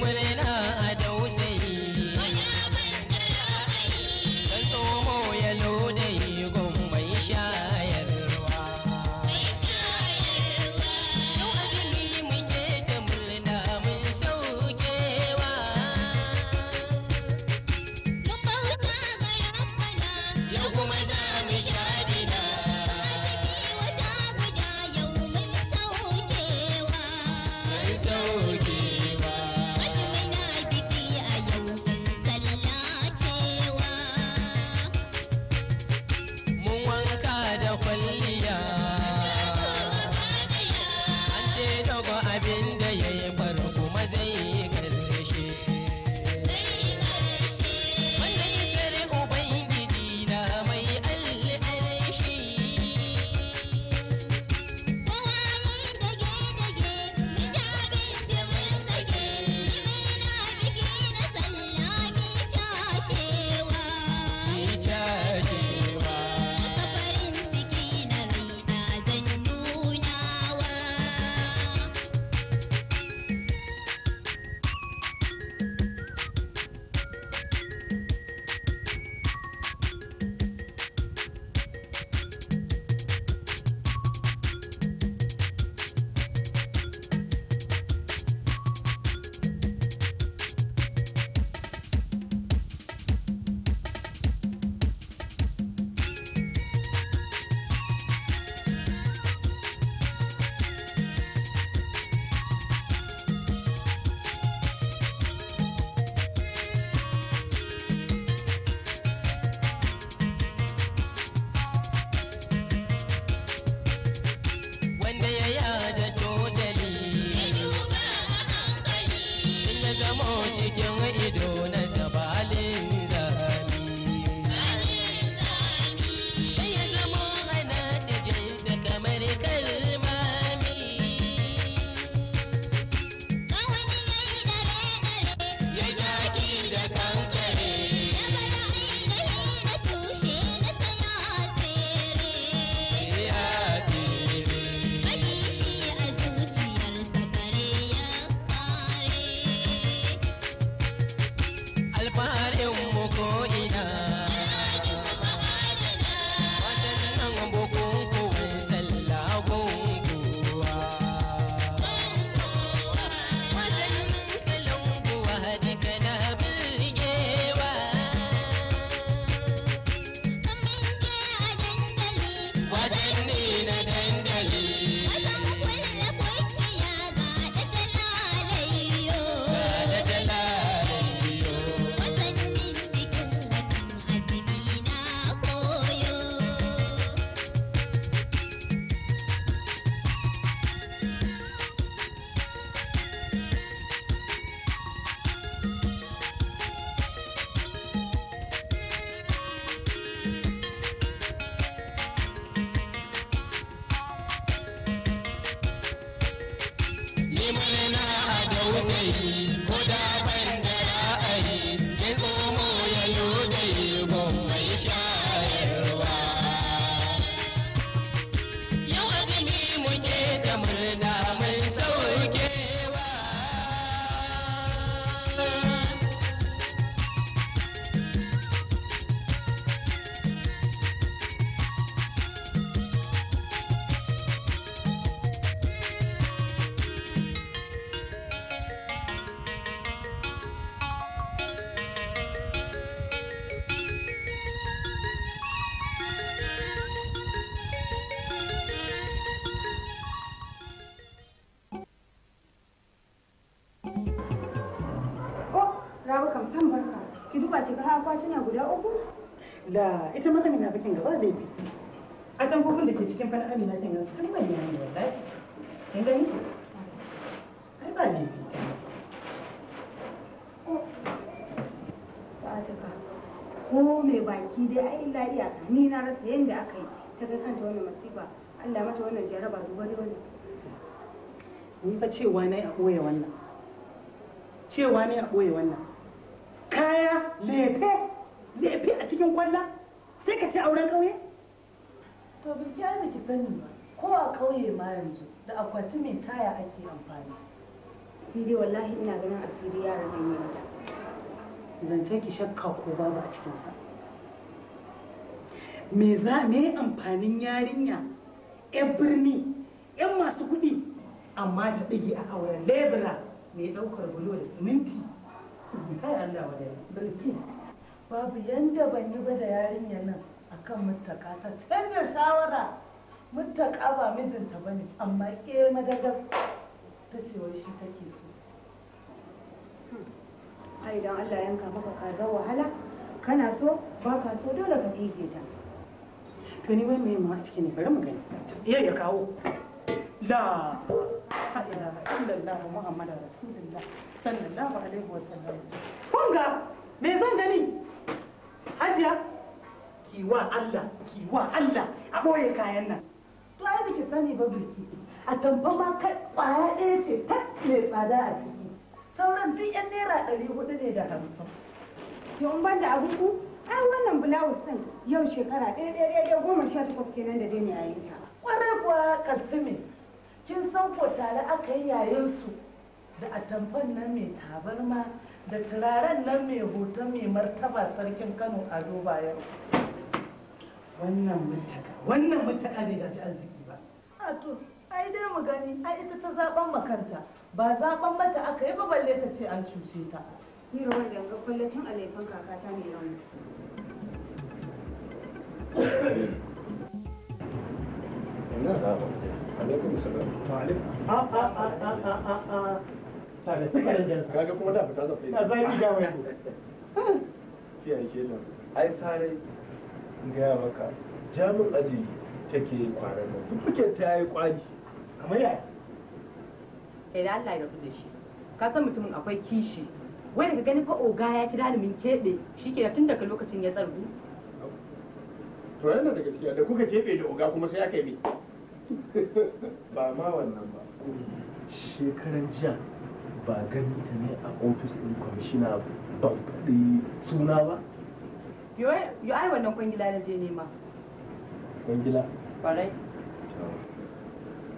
When it barkan san barka ki duba ki ga akwatuna guda uku da ita ma amina bakin gaba zai bi a tambobin da ke cikin fana amina kin ga sai ban yana wallahi kin gani ai ba ne oh, ko mai baki dai ai illa iya ni na rasa yadda aka yi ta kai kanta wani masifa Allah mata wannan jaraba duba wani wani ni fa cewa na yi a ɓoye wannan cewa ne a ɓoye wannan kaya lefe lefe a cikin kwalla sai ka ce auren ƙauye to bilkiya da ki sani ba ko a ƙauye ma yanzu da akwati mai taya ake amfani ni dai wallahi ina ganin asiri yaran nan ne Zan zance ki shakka ko babu a cikinsa me za me amfanin yarinya yan birni yan masu kuɗi amma ta ɗige a auren lebura mai ɗaukar bulo da siminti kai Allah wadai babu yanda ban yi ba da yarinyar nan akan mutaka ta canza shawara mutaka ba mijinta bane amma ke madagar ta ce wai shi take so ai dan Allah yanka maka kaza wahala kana so ba ka so dole ka fige ta to ni wai me ma cikin ne bari mu gani iya ya kawo la ilaha illallah muhammadu rasulullah sallallahu alaihi wa sallam kun ga me zan gani hajiya kiwa Allah kiwa Allah a boye kayan nan to ai biki sani ba birki a tamba ma kai kwaya ɗaya ce ta mai tsada a ciki sauran duk yan naira ɗari hudu ne da hamsin yau ban da abu ku ai wannan bulawus ɗin yau shekara ɗaya ɗaya ɗaya goma sha takwas kenan da dai ne a yanka kwarai kuwa kasumi kin san ko tare aka yi yayin su da atamfan nan mai tabarma da turaren nan mai hoto mai martaba sarkin Kano a zo bayan. wannan mutaka wannan mutaka ne da arziki ba a to ai dai mu gani ai ita ta zaben makanta ba zaben mata aka yi ba balle ta ce an cuce ta ni rawar ganga kullatin alaifin kakata ne rauni Thank you. kaga kuma da fita zafi da zafi ah, ga wai ki ai ke nan ai sare ga maka jamin aji take kwaran nan duk kuke ta yi kwari kamar yaya eh da Allah ya rabu da shi ka san mutumin akwai kishi wai daga gani fa oga ya ci dalimin keɓe shi ke tun daga lokacin ya tsargu to yana da gaskiya da kuka keɓe da oga kuma sai aka yi ba ma wannan ba shekaran jiya ba gani ta ne a ofis ɗin kwamishina ba. faɗi suna ba yo ai wannan kwangila na je nema kwangila ƙwarai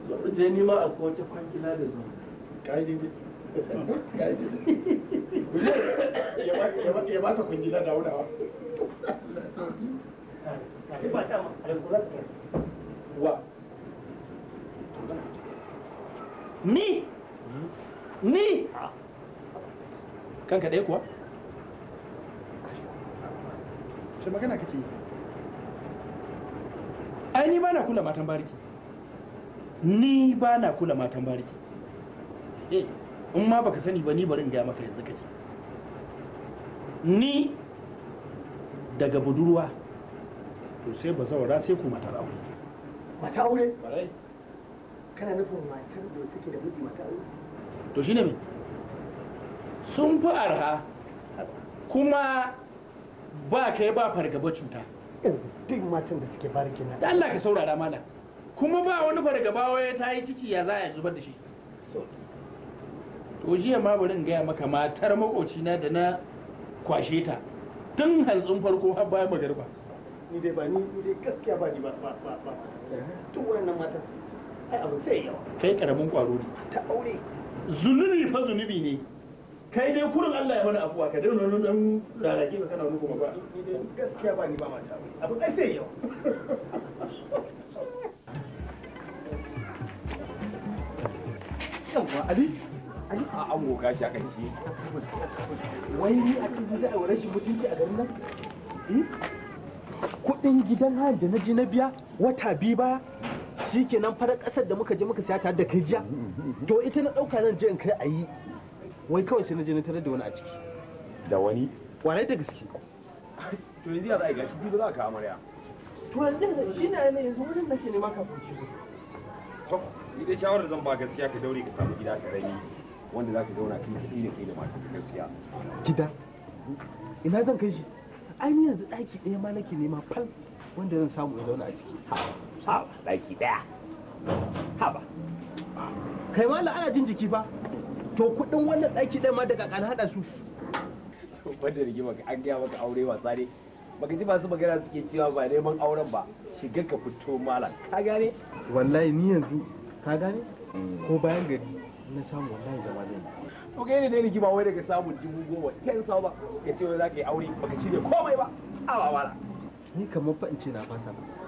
zan je nema a kowace kwangila da zan ƙa'idin ya ba ta kwangila da wa ni hmm? ni ah. kanka ɗaya kuwa ce magana kake yi ai ni ba na kula matan bariki ni ba na kula matan bariki eh in ma baka sani ba ni bari in gaya maka yanzu kake ni daga budurwa to sai ba zaura sai ku mata aure mata aure kana nufin matar da take da miji mata to shine me sun fi arha kuma ba kai ba fargaba cuta duk matan da suke bari kenan da Allah ka saurara mana kuma ba wani fargaba wai ta yi ciki ya za a zubar da shi to jiya ma bari in gaya maka matar makocina da na kwashe ta tun hantsin farko har bayan magarba ni dai ba ni dai gaskiya ba ni ba ba ba tun wannan matan ai abu sai yawa kai karamin kwaro ne ta aure zunubi fa zunubi ne kai dai kurin Allah ya mana afuwa ka dai nan nan rarake ba kana nuku ba gaskiya ba ni ba mata abu ai sai yawa yawa ali ali a an goga shi a kan shi wai ni a cikin da aure shi mutunci a garin nan eh? kudin gidan haji na ji na biya wata biyu baya shi kenan farar ƙasar da muka je muka siya tare da kai jiya to ita na ɗauka nan je in kai a yi wai kawai sai na je na tarar da wani a ciki da wani kwarai da gaske to yanzu ya za a gashi biyu za a kawo amarya to yanzu shi na yanayi yanzu wurin nake nema ka fuci to ni dai shawarar zan ba gaskiya ka daure ka samu gida ka rani wanda za ka zauna kai ka da kai da mata ka gaskiya gida ina zan kai shi ai yanzu ɗaki ɗaya ma nake nema fal wanda zan samu ya zauna a ciki haba baki daya haba kai jin jiki fa to kudin wannan daki ɗaya ma daga kan haɗa su Wanda da rigima an gaya maka aure wasa ne baka ji masu magana suke cewa ba neman auren ba shiga ka fito malam ka gane wallahi ni yanzu ka gane mm. ko bayan gari na samu wallahi zama zai to ga ne da rigima wai daga samun dubu goma ten sau ba ya ce wai za ka yi aure baka cire komai ba awa wala ni kamar fa in ce na fasa ba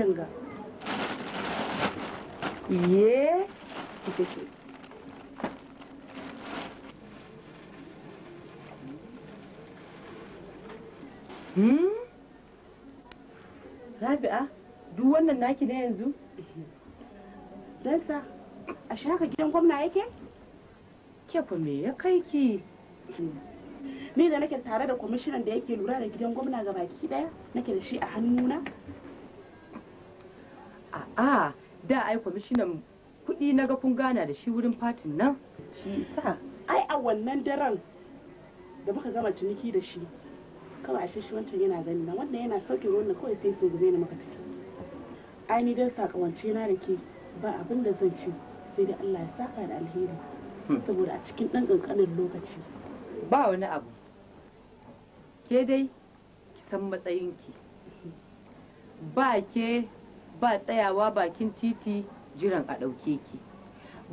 ye ce hmm rabi'a duk wannan naki ne yanzu dansa a shaka gidan gwamna yake ke ku me ya kai ki ni da nake tare da kwamishinan da yake lura da gidan gwamna ga baki daya nake da shi a hannuna a da ai kwamishinan kuɗi na ga kun gana da shi wurin fatin nan shi isa ai a wannan daren da muka gama ciniki da shi kawai ashe shi wancan yana gani na wannan yana sauke wannan kawai sai su zai na maka tafi ai ni dan sakawance na da ke ba abin da zan ci sai da Allah ya saka da alheri hmm. saboda a cikin dan kankanin lokaci ba wani abu ke dai ki san matsayinki mhm. ba ke ba tsayawa bakin titi jiran a ɗauke ki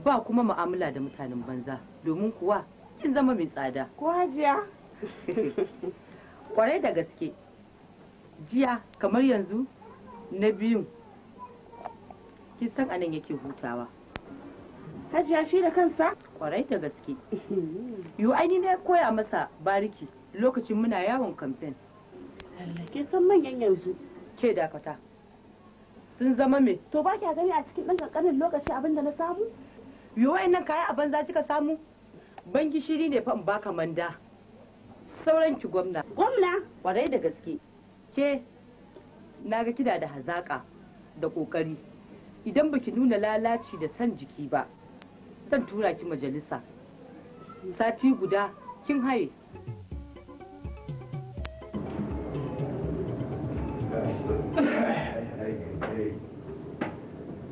ba kuma mu'amala da mutanen banza domin kuwa kin zama mai tsada ko hajiya kwarai da gaske jiya kamar yanzu na biyun kin san anan yake hutawa hajiya shi da kansa kwarai da gaske yo aini ne koya masa bariki lokacin muna yawon kamfen ke san manyan yanzu ke dakata sun zama me to ba kya gani a cikin ɗan ƙanƙanin lokaci abin da na samu yo wayannan kaya a banza kika samu ban gishiri ne fa in baka manda sauran ki gwamna gwamna kwarai da gaske ke na ga kida da hazaƙa da ƙoƙari idan baki nuna lalaci da san jiki ba zan tura ki majalisa sati guda kin haye Thank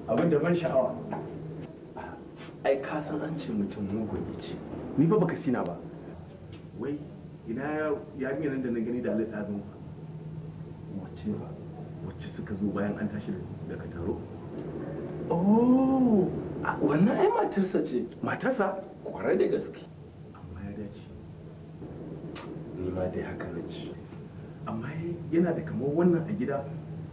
abin da ban sha'awa ai ka san an ce mutum mugun ne ce ni ba baka sina ba wai ina yi nan da na gani da Allah ta zo wacce ba wacce suka zo bayan an tashi daga taro oh wannan ai matarsa ce matarsa kware da gaske amma ya dace ni ma dai haka na ci amma yana da kamar wannan a gida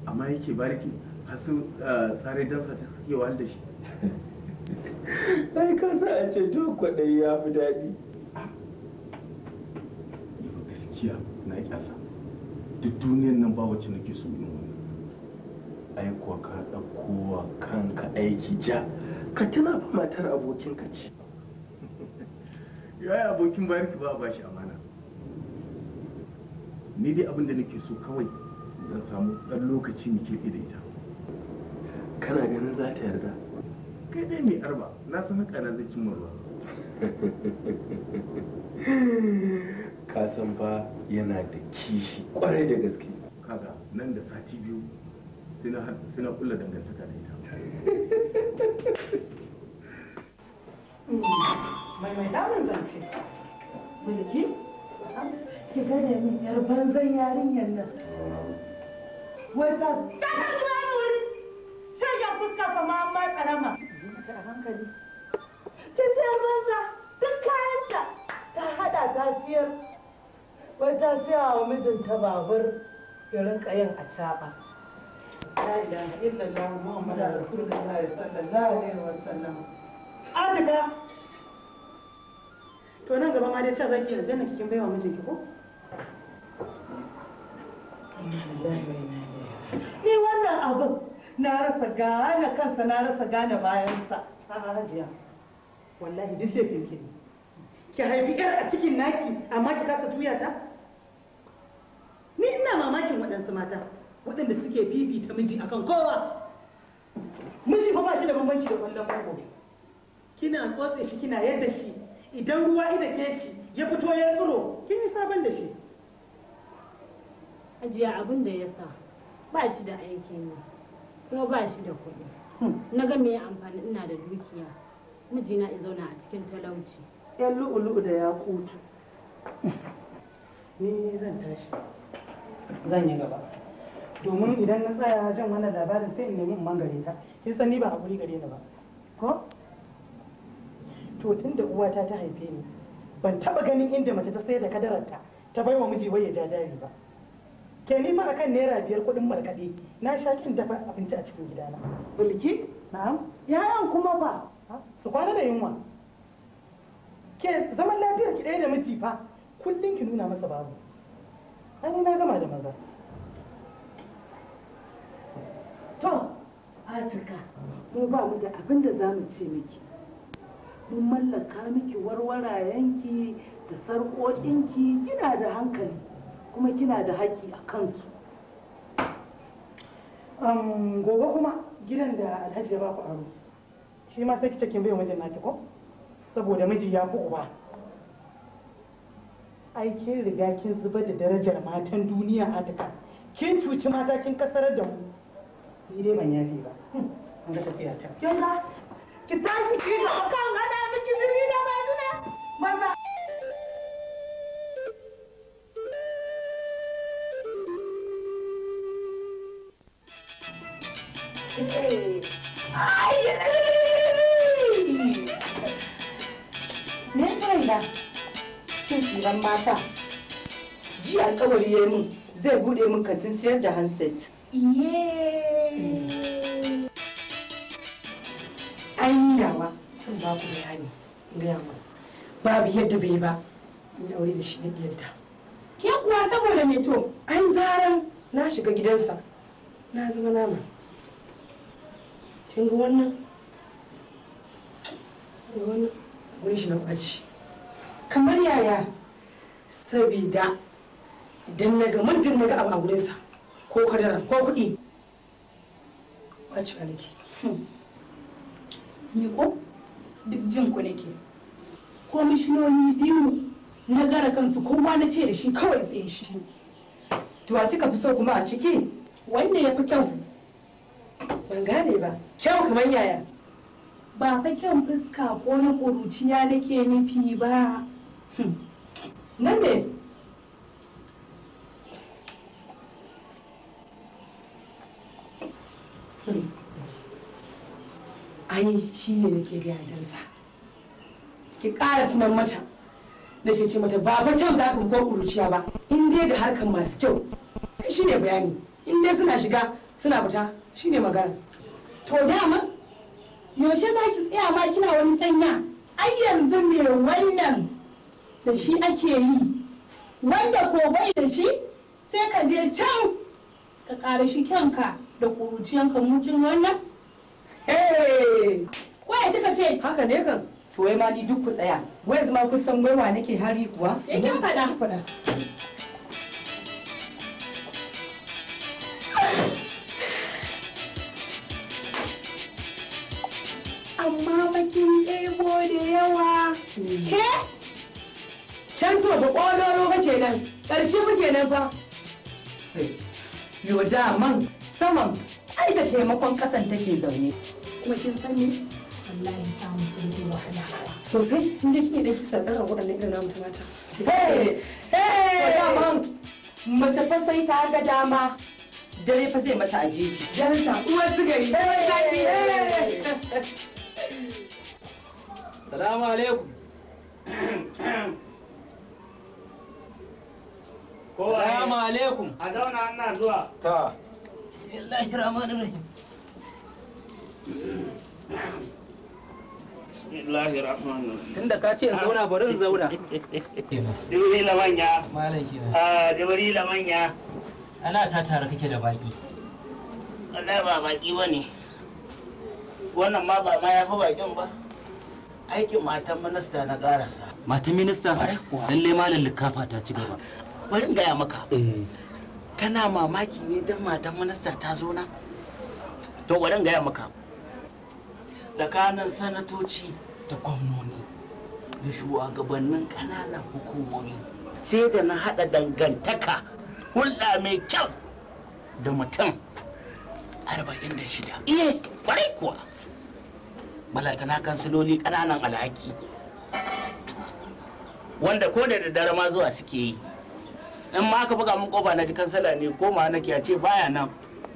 amma yake bariki masu eh, tsare don fata suke wanda da shi sai ka sa a ce to kwaɗayi ya fi daɗi gaskiya na ƙyasa duk duniyan nan ba wacce nake so yin wani aikuwa ka ɗaukowa kanka aiki ja ka tuna fa matar abokin ka ce yaya abokin bariki ba a bashi amana ni dai abin da nake so kawai zan samu ɗan lokaci mu keɓe da ita kana ganin za ta yarda kai dai mai arba na san haka na zai cimma ruwa ka san fa yana da kishi kwarai da gaske kaga nan da sati biyu suna kulla dangantaka da ita mai mai damun zance mulki ki gane min yar banzan yarinyar nan wata fuska kama an ma karama ta sayar duk kayanta ta hada ta siyar wai ta siya wa mijinta babur ya rinka yin a caɓa adiga to nan gaba ma dai cewa zaki yanzu na cikin baiwa mijinki ko ni wannan abin na rasa gane kansa na rasa gane bayansa a hajiya wallahi duk laifin ki ki haifi yar a cikin naki amma ki kasa tuya ta ni ina mamakin waɗansu mata waɗanda suke fifita miji akan kowa miji fa ba shi da bambanci da kwallon bango kina tsotse shi kina yadda shi idan ruwa ida ke shi ya fito ya tsiro kin yi sabon da shi ajiya abin da ya sa ba shi da aikin ne. kuma ba shi da kuɗi hmm. na ga me amfani ina da dukiya mijina ya zauna a cikin talauci yan lu'ulu'u da ya kutu ni zan tashi zan yi gaba domin idan na tsaya jan wannan labarin sai in nemi man gare ta kin san ni ba hakuri gare ni ba ko to tun da uwata ta haife ni ban taba ganin inda mace ta sayar da kadararta ta bai wa miji wai ya ja jari ba ke ni ma akan naira biyar kuɗin markaɗe na sha kin dafa abinci a cikin gidana bulki na'am yayan kuma ba su kwana da yunwa ke zaman lafiyar ki ɗaya da miji fa kullum ki nuna masa babu ai na gama da maza to Fatika mu ba mu da abin da za mu ce miki mun mallaka miki warwarayenki da sarƙoƙinki kina da hankali kuma kina da haƙƙi a kansu gobe kuma gidan da alhaji ya baku ku aro shi ma sai ki cikin bai mijin naki ko saboda miji ya ku uba ai kin riga kin zubar da darajar matan duniya a duka kin cuci mata kin kasar da mu ni dai ban yafi ba hmm, an ga tafiya ta kin ga ki tashi ki ga kan hada miki ni da ba mazuna maza shiran mata ji alkawari ya min zai bude min kantin siyar da handset an yi yawa sun ba ku bayani gaya mu babu yadda bai ba in aure da shi yadda biyarta ke kuwa saboda ne to an zaran na shiga gidansa na zama nama kin wannan ga wannan shi na kwaci kamar yaya sabida don naga muddin naga abu a gurinsa ko kadara ko kuɗi ɓacewa nake hmm. ni ko duk jin ku nake ko mishinoni biyu na gara kansu kowa na ce da shi kawai tsaye shi to a cika fi so kuma a ciki wanda ya fi kyau ban gane ba kyau kamar yaya ba fa kyan fuska ko na ƙuruciya nake nufi ba Hmm. nan ne hmm. ai shi ne ke gaya jansa ki ƙara sunan mata da ce mata ba fa can za ka ko kuruciya ba in dai da harkar masu kyau shi ne bayani in dai suna shiga suna fita shi ne magana to dama yaushe za ki tsaya ma kina wani sanya ai yanzu ne wannan da shi ake yi wanda ko bai da shi sai ka je can ka ƙara shi kyanka da ƙuruciyanka mukin wannan waya kika ce haka ne kan to wai ma ni duk ku tsaya wai zama kusan wai wa nake hari kuwa eh kin faɗa faɗa amma bakin ɗebo da yawa hmm. ke can to da ƙwalolo ba kenan ƙarshe muke nan fa yo da man saman ai da taimakon ƙasan take zaune kuma kin sani wallahi samun sun yi wahala sosai inda kike da kisa tsara waɗannan irin namu mata eh eh da man mace fa sai ta ga dama dare fa zai mata ajeji janta uwar sigari salamu alaikum Assalamu alaikum. A zauna an na zuwa. Ta. Bismillahir Rahmanir Tunda ka ce zauna bari in zauna. Jibrila manya. Malam kenan. Ah Jibrila manya. Ana ta tare kake da baki. Allah ba baki bane. Wannan ma ba ma ya fi bakin ba. Aikin matan minista na karasa. Matan minista? Lalle malam likafa ta ci gaba. bari in gaya maka mm. kana mamaki ne don matan minista ta zo na to bari in gaya maka tsakanin sanatoci da gwamnoni da shugabannin kananan hukumomi sai da na haɗa dangantaka hulɗa mai kyau da mutum arba'in da shida iya eh, kwarai kuwa balatana kansiloli kananan alhaki wanda ko da daddare ma zuwa suke yi in ma aka buga mun kofa na ji kansala ne ko ma nake a ce baya nan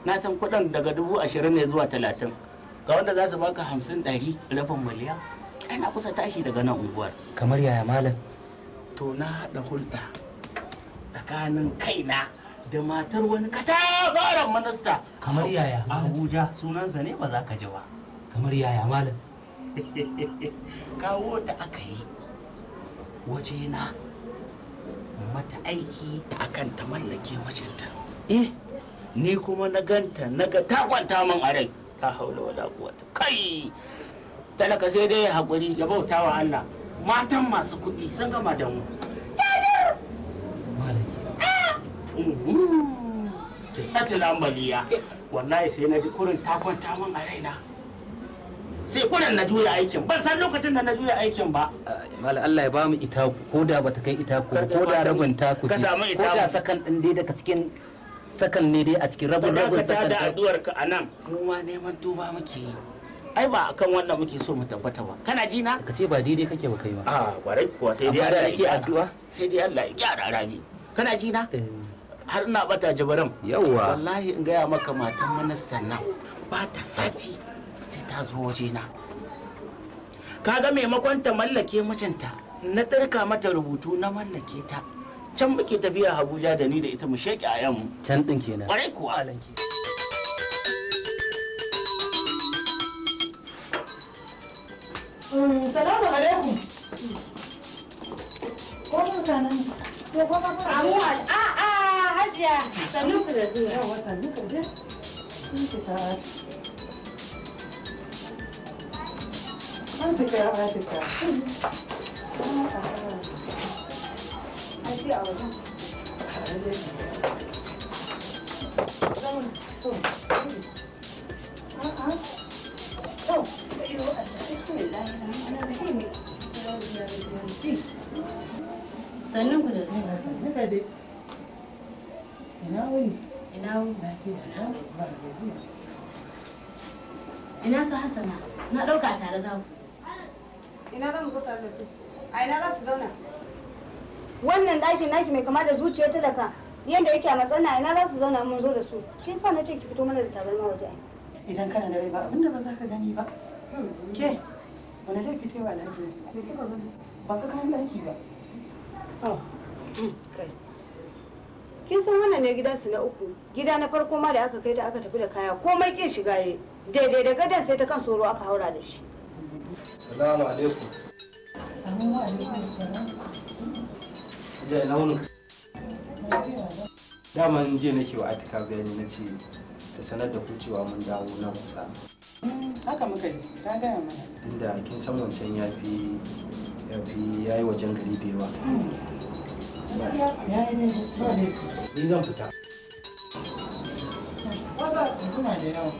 na san kuɗin daga dubu ashirin ne zuwa talatin ga wanda za su baka hamsin dari. rabin miliyan ana kusa tashi daga nan unguwar kamar yaya malam to na haɗa hulɗa tsakanin kaina da matar wani katafaren minista kamar yaya abuja sunansa ne ba za ka ji ba kamar yaya malam kawo ta aka yi waje na mata aiki a kan ta mallake wajenta. eh ni kuma na ganta na ga ta kwanta man a rai ta haula wala kuwata kai talaka sai dai hakuri ya bauta wa Allah matan masu kuɗi sun gama da mu ah! ta Wannan wallahi sai na ji kurin ta kwanta a raina sai kuran na juya aikin ban san lokacin da na juya aikin ba mala Allah ya bamu ita ko da bata kai ita ko ko da rabin ta ku ko da sakan din dai daga cikin sakan ne dai a cikin rabin rabin sakan da addu'ar ka anan mu ma neman tuba muke yi ai ba akan wannan muke so mu tabbata ba kana ji na kace ce ba daidai kake ba kai ba a ah, bare kuwa sai dai Allah ya addu'a sai dai Allah ya gyara rani kana ji na eh. har ina bata jabaran yawa wallahi in ya maka matan manasta nan ba ta sati ta zo wajena kaga maimakon ta mallake mijinta na ɗarka mata rubutu na mallake ta can muke tafiya Abuja da ni da ita mu sheki a yanmu can din kenan kwarai kuwa alanki mm, Salamu alaikum. Ko mutanen? Ko kuma ba? A'a, hajiya. Sannu ku da zuwa. da. An fita an Sannan ku da dai. Ina wuni? Ina wuni ba da Ina Hassana, na ɗauka tare za ku. ina za mu zo tare da su a ina za su zauna wannan ɗakin naki mai kama da ta talaka yadda yake a matsala ina za su zauna mun zo da su shi sa na ce ki fito mana da tabarma waje idan kana da rai ba abinda ba za ka gani ba ke wani zai fito wa lafiya ne ke ba ba ka kayan ɗaki ba oh, mm, kin san wannan ne su na uku gida na farko ma da aka kai ta aka tafi da kaya komai kin shiga ye daidai da gadon sai ta kan soro aka haura da shi Salamu alaikum. Salamu alaikum. Jai launin. Dama in je nake wa Atika bayani na ce ta sanar da kucewa mun dawo na kusa. Haka muka yi, ta gaya mana. Inda kin san wancan ya fi ya fi ya yi wajen gari da yawa. Ni zan fita. Wata kuma da yawa.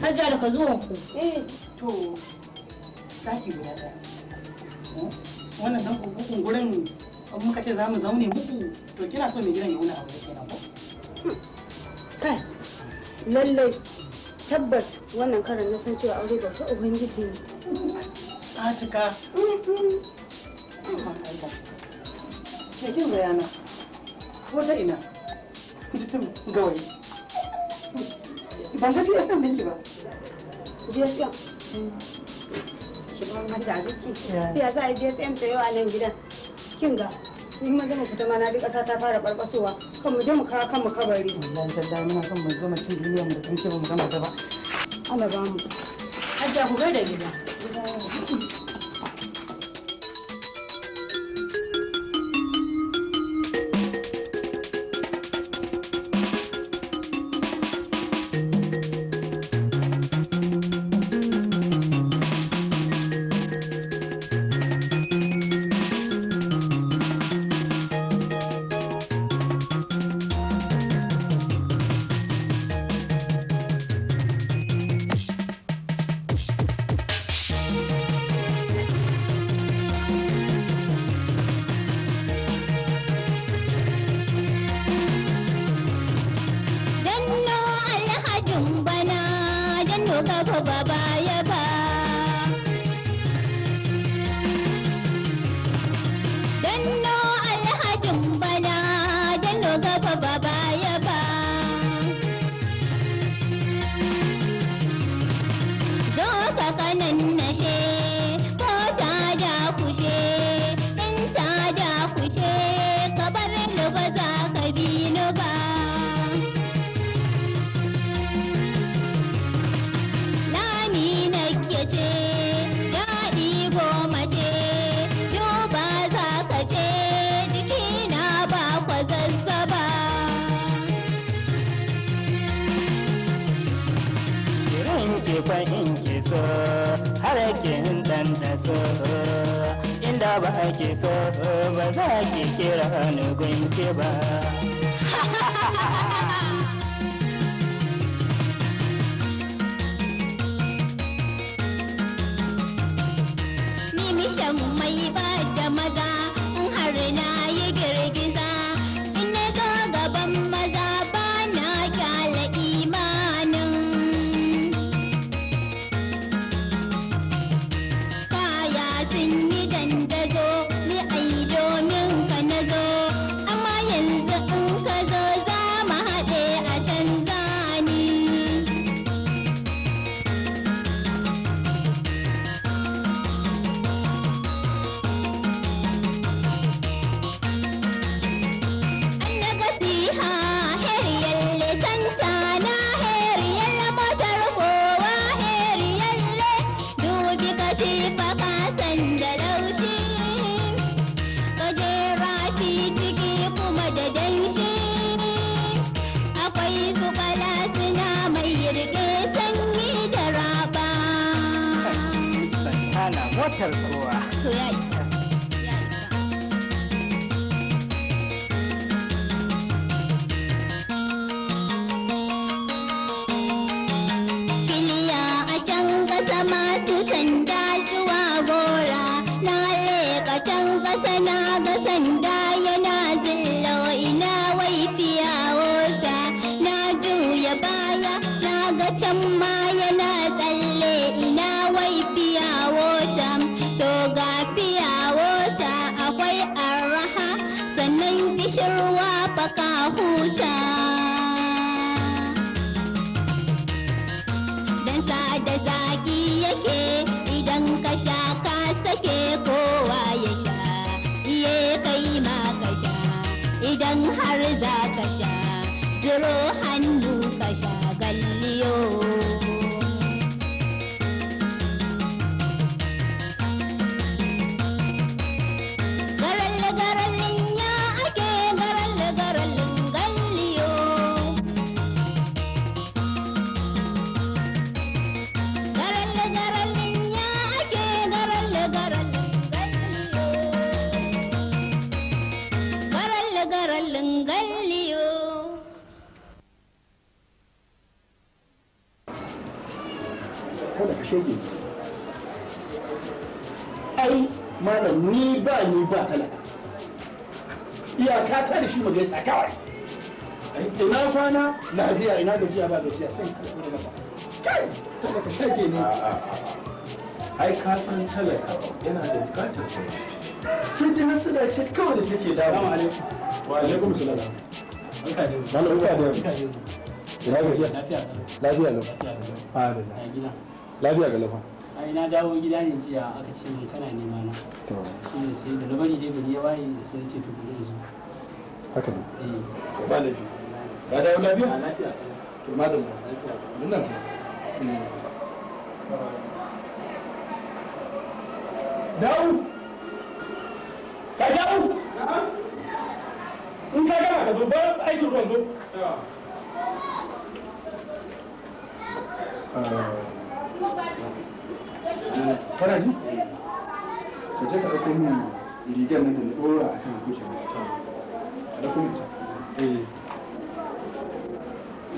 Hajja da ka zuwan ku. Eh, to saki guda ɗaya. Wannan dan kukukun gurin in muka ce za mu zaune muku to kina so mai gidan ya wuna abu da kenan ko? Kai, lallai tabbas wannan karan na san cewa aure ba ta ubangiji ne. Atika. Me kin bayana? Ko ta ina? Jitin gawayi. ban ga san ba ya za a je tsayin tsayo a nan gidan kin ga in maza mu fita mana duk kasa ta fara barbasowa kan mu je mu kawo kan mu kabari wallahi tallahi muna kan mu da ba mu gama ta ba ba mu hajja ku ga da gida ka gajiya ba gajiya sai ka masa kai shage ne ai ka san talaka yana da bukatar kuma kin da ce kawai da take da alaikum wa alaikum salam da da ina gajiya lafiya lau lafiya ga lafa ai na dawo gida ne jiya aka ce min kana nema na to shi ne sai da labari dai ya waye da sai ce to ku zo haka ne eh ba lafiya ba dawo lafiya lafiya to madalla wannan hmm. dawo ka dawo in ka gama ka aikin eh, kana ji ka je ka ɗauko min rigar nan da na ɗora a kan kujera ka ɗauko min ta eh.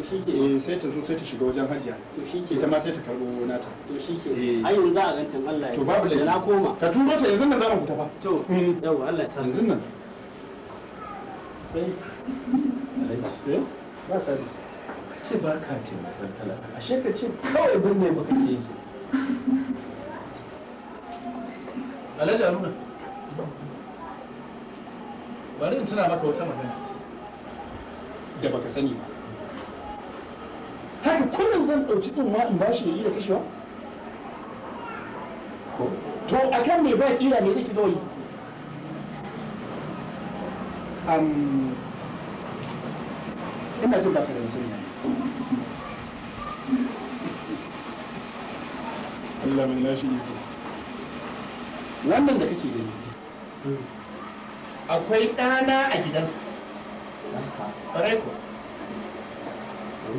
eh sai ta zo sai ta shiga wajen hajiya ita ma sai ta karbo nata to shike eh. ai yanzu za a gantan Allah ya to babu da na koma ka turo ta yanzu nan za mu fita fa to eh. yawa Allah ya sa yanzu nan eh? ba sa ka ce ba ka taimakon talaka ashe ka ce kawai binne baka ke yi alhaji haruna bari in tuna maka wata magana da baka sani ba kullum zan ɗauki ɗin ma in bashi ya iya kashewa to a kan mai ba ƙira mai zai ci gawayi ina jin baka da sun Allah mai lashi iko wannan da kake gani akwai ɗana a gidansa ƙwarai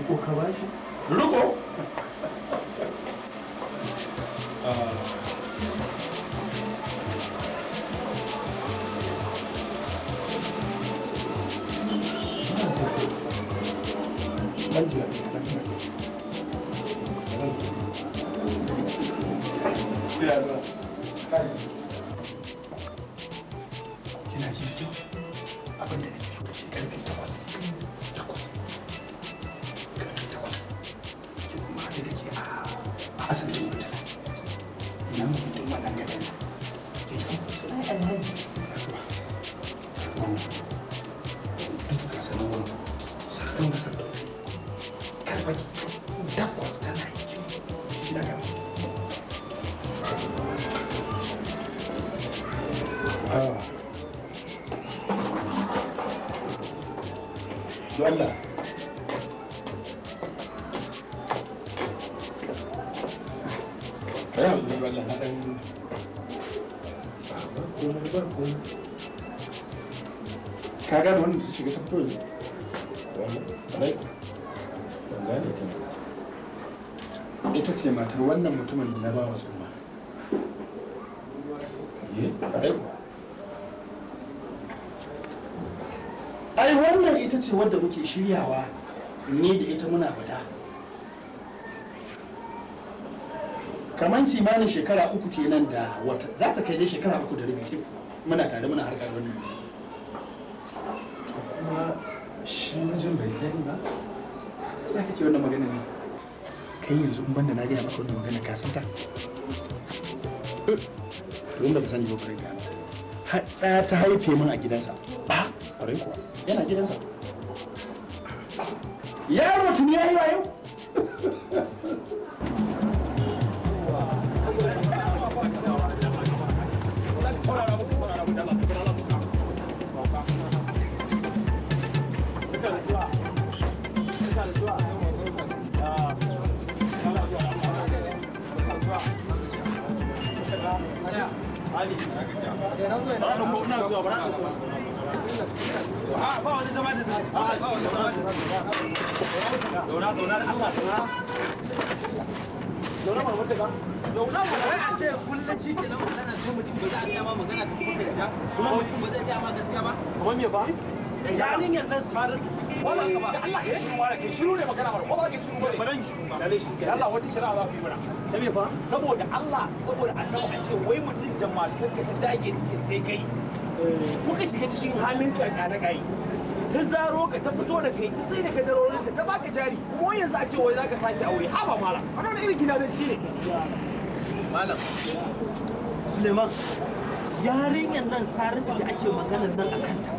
ko ka bashi? shi 누르고 어, 그래도 haƙuri wallan na ɗan shiga ta fito yanzu wannan ban gane ta ita ce matar wannan mutumin da na ba wa suma ai wannan ita ce wadda muke shiryawa ne da ita muna fita kamar kimanin shekara uku kenan da wata za ta kai dai shekara uku da rabi muna tare muna harkar wannan kuma shi wajen bai sai ba sai kake wannan magana ne kai yanzu in banda na gaya maka wannan magana ka san ta eh, to inda ba sani ba bare gano haɗa ta haife min a gidansa ba Kwarai kuwa yana gidansa yaro tuni yayi wayo zauna ba wata ba ba a ce nan a yarinyar su wannan ka ba Allah ka shiru ba ka shiru ba ba ba a ce wai mutum da matar ta sai kai cikin halin kaka na kai ta ka da kai ta ba kadarorin ka ta baka jari kuma yanzu a ce wai zaka sake aure ha ba wannan irin gida da shi ne malam Suleiman yarinyar nan sarin da ake maganar nan a kanta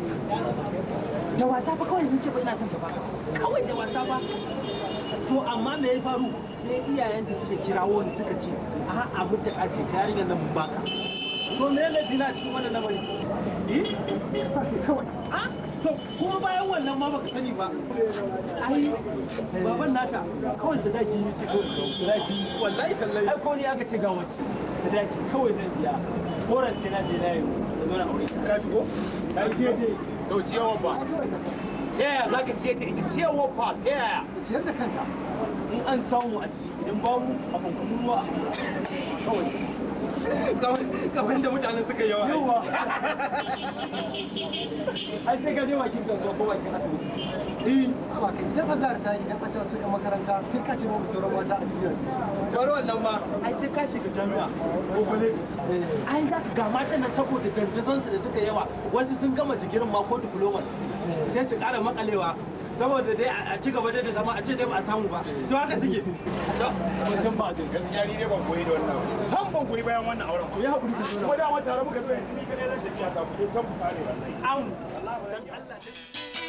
da wasa fa kawai ni ce ba ina son ta ba kawai da wasa ba to amma me ya faru sai iyayenta suka kirawo wani suka ce a abu ta kace yarinyar nan baka to me laifi na cikin wannan lamari eh sai kawai a ah? to kuma bayan wannan ma baka sani ba ai baban nata kawai sadaki ne ce sadaki wallahi kallai ai ko ni aka ce ga wace sadaki kawai zan biya korance na je na yau zo na aure ka ji ko ka ji 都接我吧耶，那个姐姐，你接我吧耶。e 的看着，你按上我你帮我阿东哭了，我操你！kamar da mutanen suka yawa yawa ai sai ka je bakin kasuwa ko bakin asibiti eh amma kai idan azhar ta yi idan ka taso yan makaranta sai ka ce mamu sauran mata a duniya su bari wannan ma ai sai ka shiga jami'a ko kwaleji eh. ai za ka ga matan tako da dandazon su da suka yawa wasu sun gama digirin ma ko diploma eh. sai su kara makalewa saboda dai a ci gaba da zama a ce dai ba a samu ba to haka suke mutum ba jin gaskiya ni dai ban goyi da wannan ban goyi bayan wannan auren ku ya hakuri kuma da wata rabu ka zo ni kadai zan tafiya ta ku ku wallahi Allah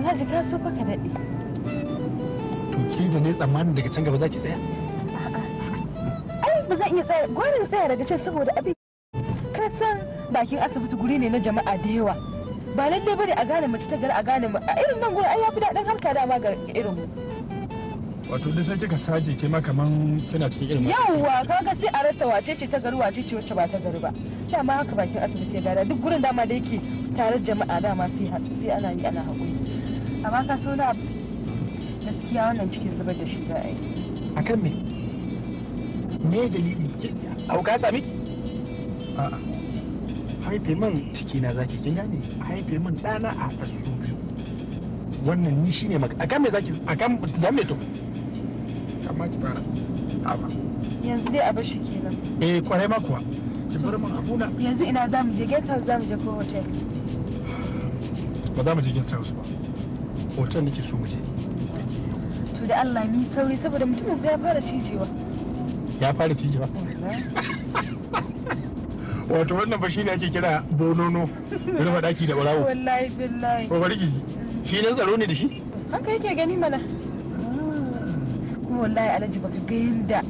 alhaji ka so baka daɗe to ki da ne tsammanin daga can gaba za ki tsaya ai ba zan iya tsaya gwarin tsaya daga can saboda abin ka san bakin asibiti guri ne na jama'a da yawa ba lallai bane a gane mace ta gari a gane mu a irin nan gurin ai yafi daɗin harka dama ga irin mu wato duk sai kika saje ke ma kaman kina cikin irin yawwa kaga sai a rasa wace ce ta gari wace ce wacce ba ta gari ba ma haka bakin asibiti ya dada duk gurin dama da yake tare jama'a dama sai ana yi ana haƙuri amma ka so da gaskiya wannan cikin zubar da shi za a yi a kan me me dalili abu ka sami a'a haife min ciki na zaki kin gane haife min ɗana a su biyu wannan ni shine maka a kan me zaki a kan dan me to amma ki fara aba yanzu dai a bashi kenan eh kwarai ma kuwa yanzu ina za mu je guest house za mu je ko hotel ba za mu je guest house ba hotel nake so muje to da Allah ni sauri saboda mutumin ya fara cijewa ya fara cijewa wato wannan ba shine ake kira bonono rufe daki da barawo wallahi billahi ko bari ki shi ne tsaro ne da shi haka yake gani mana kuma wallahi alhaji baka ga yanda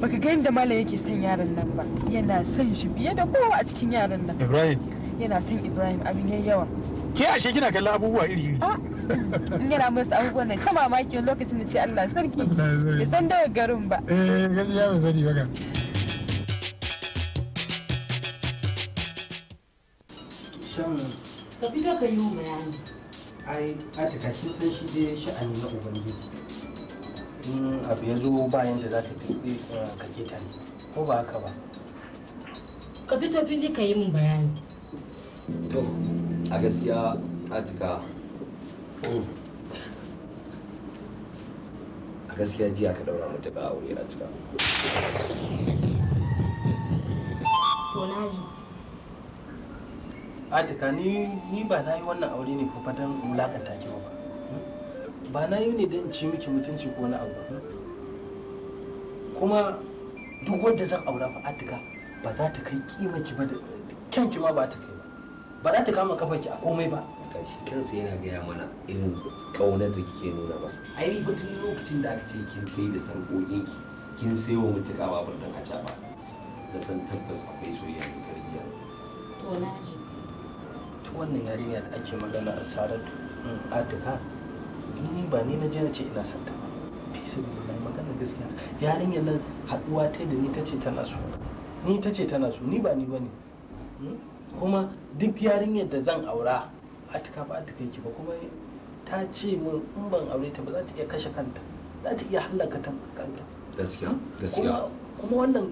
baka ga yanda malam yake son yaron nan ba yana son shi fiye da kowa a cikin yaron nan ibrahim yana son ibrahim abin yayi yawa ke ashe kina kalli abubuwa iri iri ah, ina musu abubuwan nan ta mamaki lokacin da ce Allah sarki ya san daga garin ba eh gaskiya ba sani ba ka fito ka yi wa bayani ai a taka kin san shi dai sha'ani na ubangiji in abu ya zo bayan da za ka tafi eh, ka keta ne ko ba haka ba ka fito fili ka yi min bayani to a gaskiya atika mm. a gaskiya jiya ka daura mata ka aure a cika atika ni ba na yi wannan aure ne ko fatan wulakanta ki ba ba na yi ne don ci miki mutunci ko na abu kuma duk wadda zan aura fa atika ba za ta kai kima ki ba da kyanki ma ba ta kai ba za ta kama ki a komai ba kansa yana gaya mana irin kaunar da kike nuna masu ai batun lokacin da aka ce kin sai da ki kin sai wa mutuka babur da a ba da san tabbas akwai soyayya da karbiya to na wannan yarinya da ake magana a saratu atika ni ba ni na je na ce ina son ta ba fi sabilillahi magana gaskiya yarinyar nan haɗuwa ta da ni ta ce tana so ni ta ce tana so ni ba ni ba ne hmm? kuma duk yarinyar da zan aura atika ba a yake ba kuma ta ce min in ban aure ta ba za ta iya kashe kanta za ta iya hallaka ta kanta gaskiya hmm? gaskiya kuma wannan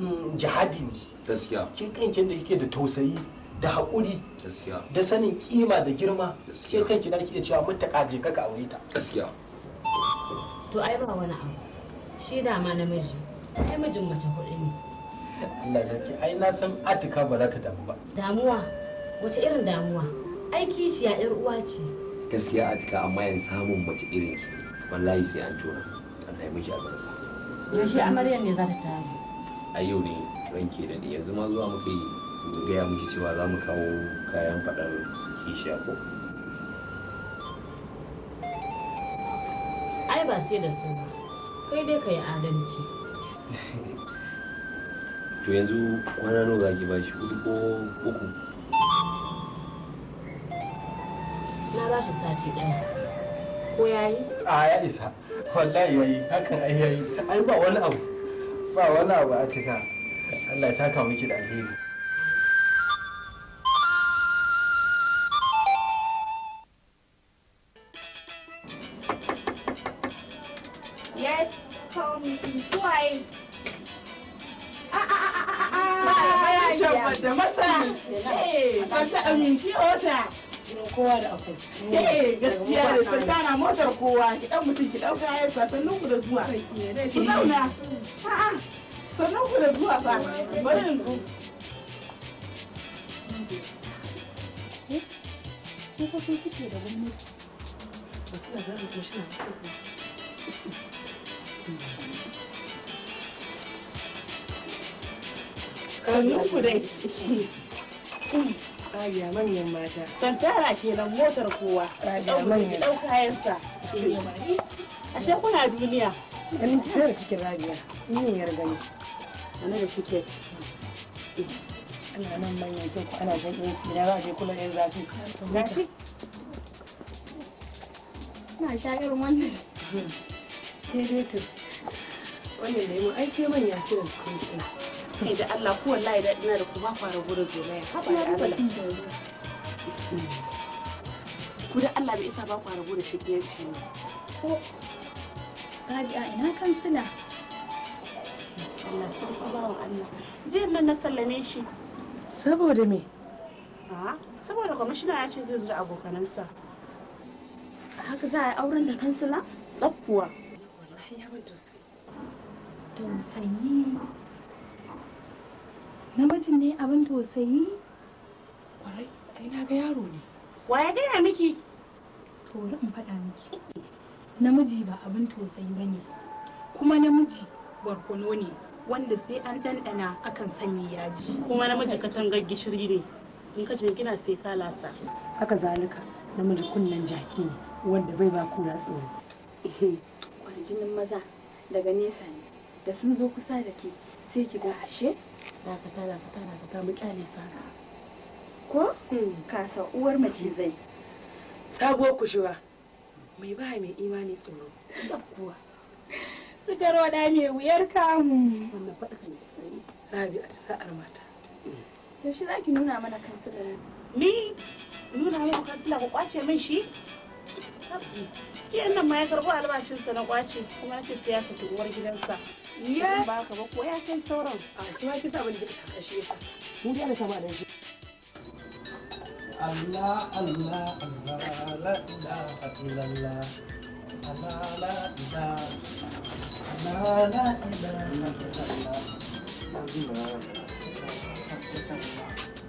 mm, jihadi ne gaskiya ke kankin da kike da tausayi da haƙuri da sanin kima da girma ke kanki na kike cewa mutaka je ka aure ta gaskiya to ai ba wani abu shi da ma namiji ai mijin mace hudu Allah sarki ai na san Atika ba za ta damu ba. Damuwa? Wace irin damuwa? Ai kishiya yar uwa ce. Gaskiya Atika amma yanzu samun mace irin ki wallahi sai an tura. Allah ya miki albarka. Yaushe amaryar ne za ta tashi? A yau ne ranke da yanzu ma zuwa muka yi gaya miki cewa za mu kawo kayan fadar kishiya ko. Ai ba sai da su ba. Kai dai ka yi adalci. to yanzu kwana nawa zaki ba shi hudu ko uku na ba shi sati daya ko yayi a ya isa wallahi yayi hakan ai yayi ai ba wani abu ba wani abu a cika Allah ya saka miki da alheri masu aminci não kowa da akwai eh gaskiya na motar kowa ki dan mutum ki dauka ya sa sannan ku da zuwa ki zauna a'a sannan ku da zuwa fa bari Hajiya manyan mata. Santara kenan motar kowa. Hajiya manyan. Ɗau kayansa. Ashe kuna duniya. Ganin tare cikin rabiya. Ni ne yar gani. Ana da shi Ana nan manyan ana za a je kula zafi. Zafi? sha irin wannan. mu aike manya kiran kuma. kai da Allah ko wallahi da ina da kuma fara gurin zolaya Allah ku da Allah bai isa ba ku rabu da shigiyanci ne ko Rabi'a ina kan sila Allah sun Allah nan na sallame shi saboda me a saboda kwamishina ya ce zai zo abokanansa haka za a yi auren da kansila? Tsakkuwa. Wallahi ya namijin ne abin tausayi kwarai ai na ga yaro ne wa ya gaya miki to in faɗa miki namiji ba abin tausayi ba ne kuma namiji barkono ne wanda sai an ɗanɗana akan sanyi yaji kuma namiji katangar gishiri ne in ka kina sai ka lasa haka zalika namiji kunnen jaki ne wanda bai ba kura tsoro kwarjinin maza daga nesa ne da sun zo kusa da ke sai ki ga ashe dakata dakata dakata mu kyale sana ko hmm, kasa uwar mace zai sabo kushewa mai ba mai imani tsoro kuwa su garo da mai wuyar kamu wannan faɗa kan tsari rabi a sa'ar mata yaushe za ki nuna mana kansila ni nuna mana kansila ku kwace min shi jiyan nan ma ya karɓo albashinsa na kwace kuma na ce ya fita uwar gidansa ya ba ka ba ko ya san sauran a kuma ki sa bani da kashe da da shi Allah Allah Allah la ilaha illallah Allah la ilaha Allah la ilaha illallah Allah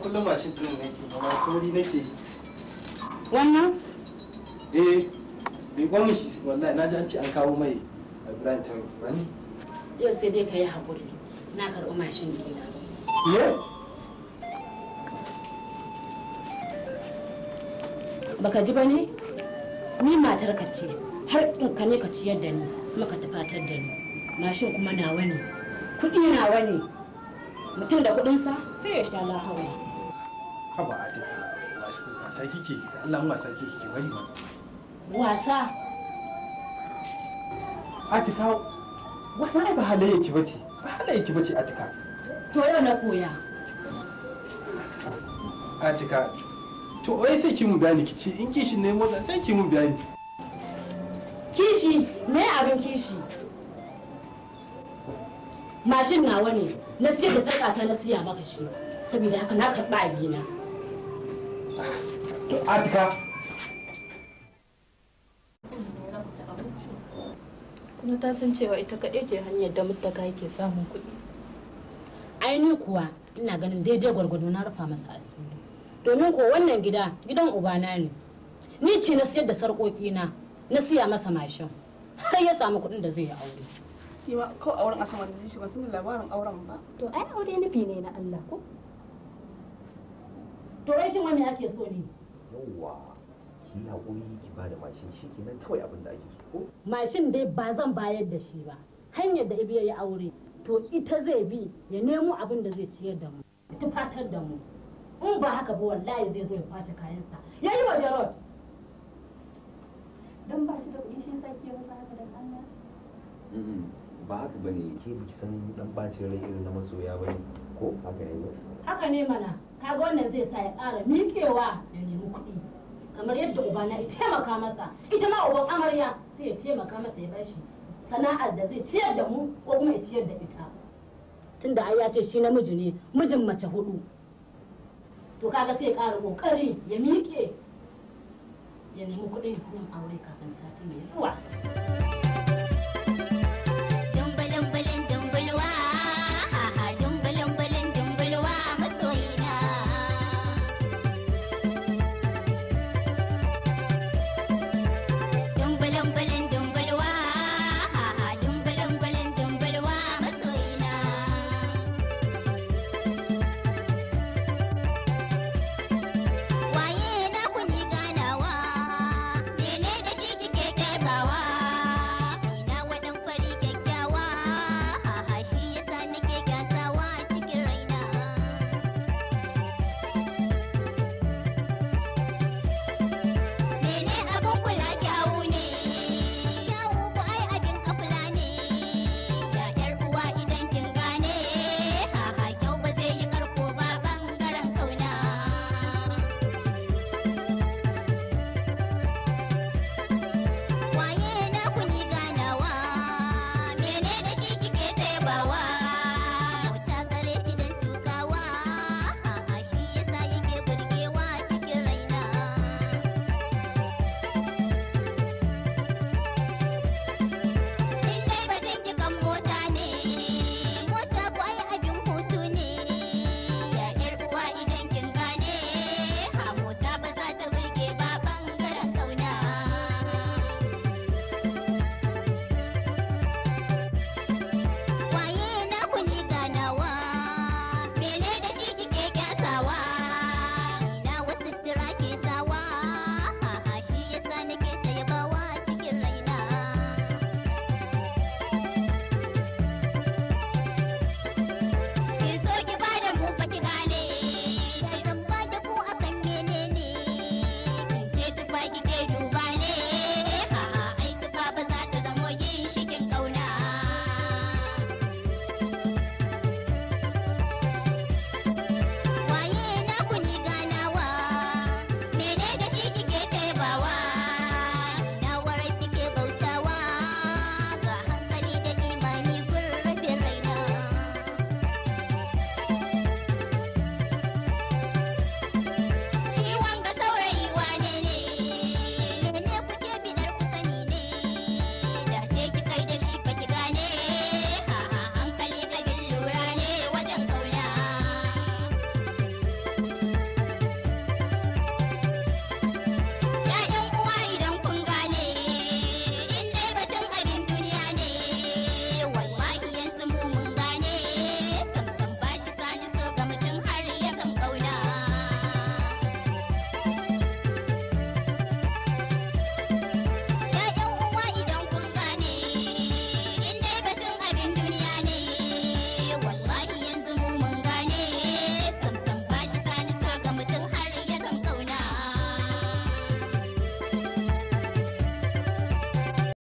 kullum tunan ɗin nake amma sauri nake wannan eh bai gwamna shi wallahi na ji an ce an kawo mai Ibrahim Tayo bani yau sai dai ka yi haƙuri na karɓi mashin ɗina ba baka ji ba ne ni matar ka ce har in ka ne ka ciyar da ni kuma ka tafatar da ni mashin kuma nawa ne kuɗi nawa ne mutum da kuɗinsa sai ya sha lahawa wasa kike da Allah wasa kike kike bari ma wasa atika wasa ne ba halayya ki bace ba halayya ki bace atika to yau na koya atika to wai sai ki mu bayani ki ce in kishi ne mota sai ki mu bayani kishi me abin kishi mashin nawa ne na siya da tsaka ta na siya maka shi saboda haka na karɓa abina to atika kuma ta san cewa ita kaɗai ce hanyar da mutaka yake samun kuɗi ainihin kuwa ina ganin daidai gwargwado na rufa masa asiri domin ko wannan gida gidan ubana ne ni ce na siyar da sarƙoƙi na na siya masa mashin har ya samu kuɗin da zai yi aure shi ko auren a saman shi ba sun labarin auren ba to ai aure nufi ne na Allah ko to rashin wani ake so ne yawwa ki yi haƙuri ki ba da mashin shi ke nan kawai abin da ake so ko mashin dai ba zan bayar da shi ba hanyar da ibiya ya aure to ita zai bi ya nemo abin da zai ciyar da mu tufatar da mu in ba haka ba wallahi zai zo ya kwashe kayansa ya yi wa jarot. don ba shi da kuɗi shi sa ke masa haka da Allah ba haka ne ke biki san dan bacin rai irin na masoya ba ne ko haka ne haka ne mana kaga wannan zai sa ya kara miƙewa ya nemi kuɗi kamar yadda ubana ya taimaka masa ita ma uban amarya sai ya taimaka masa ya bashi sana'ar da zai ciyar da mu ko kuma ya ciyar da ita tunda ai ya ce shi namiji ne mijin mace hudu to kaga sai ya ƙara ƙoƙari ya miƙe ya nemi kuɗi yin aure kafin sati mai zuwa